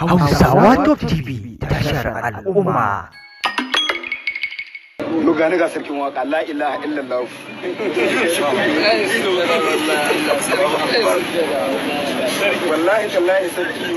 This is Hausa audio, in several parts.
Hausawa Top TV tashar al'umma. Lugani ga sarkin waka la ilaha illallah. sarki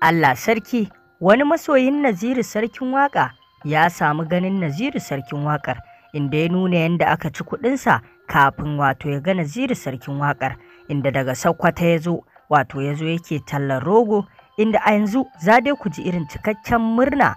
Allah sarki wani masoyin Naziru sarkin waka ya samu ganin Naziru sarkin wakar inda ya nuna yadda aka ci kuɗinsa kafin wato ya ga Naziru sarkin wakar. inda daga Sokoto ya zo wato ya zo yake tallar rogo inda a yanzu za dai ku ji irin cikakken murna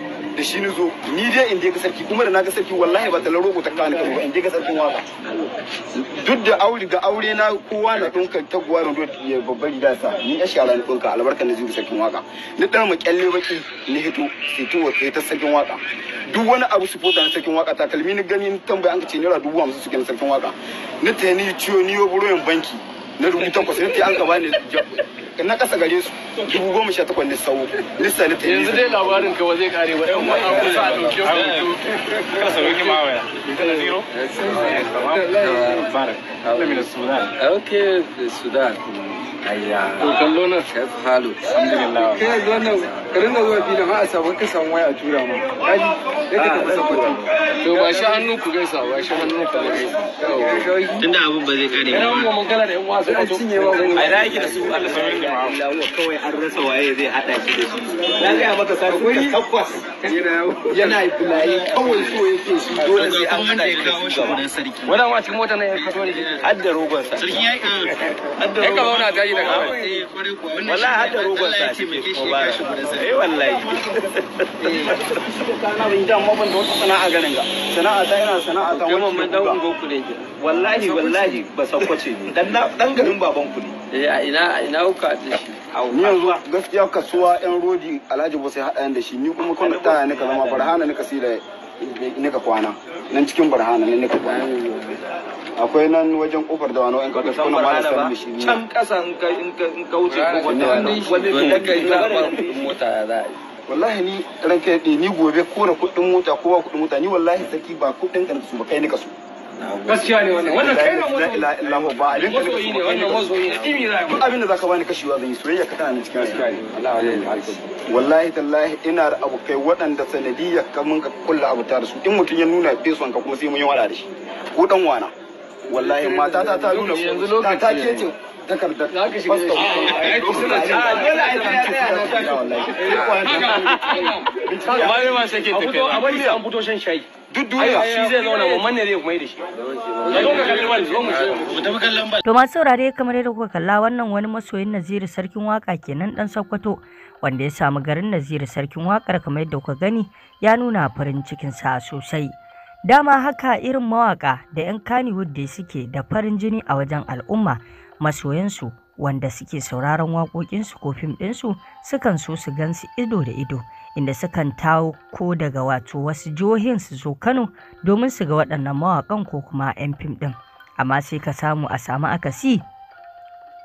da shi ni zo ni dai in je ga sarki kuma da na ga sarki wallahi ba talar ko ta kani ba in je ga sarkin waka duk da aure ga aure na kowa na dunka taguwa na dot ya babbar gida sa ni ya shara ni dunka albarkan da zuwa sarkin waka ni dan mu kyalle baki ni hito sai to sai ta sarkin waka duk wani abu su fota na sarkin waka kalmi ni gani ni tambaya an ce naira dubu hamsin suke na sarkin waka ni ta ni ciyo ni yo buroyin banki na rubuta takwas ni ta an ka bani haka na kasa gare su dubu goma sha takwas lissawo lissa na tafiya yanzu dai labarin ka zai kare ba yan wani abu sa dauke ku kada sauki ma waya kana zero أنا من السودان أوكي a السودان ayya kallo nan kai halu alhamdulillah kai yanzu wannan ka ringa zuwa filin har a samu ka samu waya a tura ma kaji sai ka tafi sabbatin to ba shi hannu ku gaisa shi hannu ku gaisa tunda abin ba zai kare ba mun mun kana da yan a cinye ba ai da yake da su Allah da Allah kawai an rasa waye zai hada shi da shi na ga maka sai takwas yana bulayi kawai so yake shi dole sai an hada shi da shi wannan ma cikin mota ne ya fito da har da rogon sa sarki ya ka zauna ta yi da kawai eh, wallahi har da rogon sa cikin mubarak eh wallahi kana bin dan mabin da wata sana'a garin ga sana'a ta ina sana'a ta wannan mun dan ungo ku ne wallahi wallahi ba sakwace ne dan dan garin baban ku ne eh a ina ina kuka da shi ni yanzu gaskiya kasuwa yan rodi alhaji ba sai haɗa da shi ni kuma kwanda ta ne ka zama barhana ne ka sila ne ka kwana nan cikin barhana ne ka kwana akwai nan wajen kofar da wani wani ka kasu ma da sanin shi ne can kasa in ka wuce kofar da wani da ka yi zaɓar mota ya za wallahi ni ranka yadda ni gobe kora kuɗin mota ko ba kuɗin mota ni wallahi saki ba kuɗin ka su ba kai ni ka su gaskiya ne wannan wannan kai na mazo la ilaha ba abin ka ne wannan mazo ne za ka abin da zaka bani kashewa zan yi soyayya ka tana cikin gaskiya ne wallahi tallahi ina da abokai waɗanda sanadiyya kamun ka kulla abu ta su in mutum ya nuna feson ka kuma sai mun yi wada da shi ko dan wana wallahi mata ta ta nuna ta ta kece takardar fasta a fito shan ne to masu saurare kamar yadda kuka kalla wannan wani masoyin Naziru sarkin waka kenan dan Sokoto wanda ya samu garin Naziru sarkin wakar kamar yadda kuka gani ya nuna farin cikin sa sosai Dama haka irin mawaƙa da 'yan Kannywood da suke da farin jini a wajen al'umma masoyansu wanda suke sauraron waƙoƙinsu ko fim ɗinsu sukan so su gansu ido da ido inda sukan tawo ko daga wato wasu jihohin su zo Kano domin su ga waɗannan mawaƙan ko kuma 'yan fim ɗin. Amma sai ka samu a samu akasi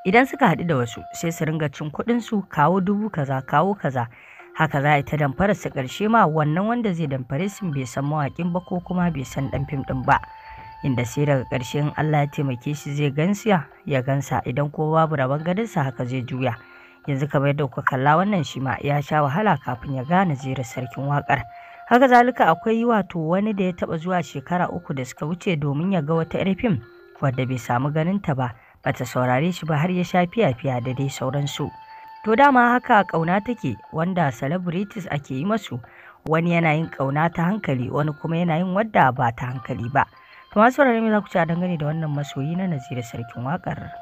idan suka haɗu da wasu sai su ringa cin kuɗinsu kawo dubu kaza kawo kaza haka za a yi ta damfara su ƙarshe ma wannan wanda zai damfare su bai san mawaƙin ba ko kuma bai san ɗan fim ɗin ba inda sai daga ƙarshe in Allah ya taimake shi zai gansa ya gansa idan ko babu rabon gadinsa haka zai juya yanzu kamar yadda kuka kalla wannan shi ma ya sha wahala kafin ya gane zira sarkin waƙar haka zalika akwai wato wani da ya taɓa zuwa shekara uku da suka wuce domin ya ga wata 'yar fim wadda bai samu ganin ta ba bata saurare shi ba har ya sha fiya-fiya da dai sauransu. To dama haka ƙauna take wanda celebrities ake yi masu wani yana yin ƙauna ta hankali wani kuma yana yin wadda ba ta hankali ba. To masu saurare za ku ci a dangane da wannan masoyi na Nazira sarkin waƙar?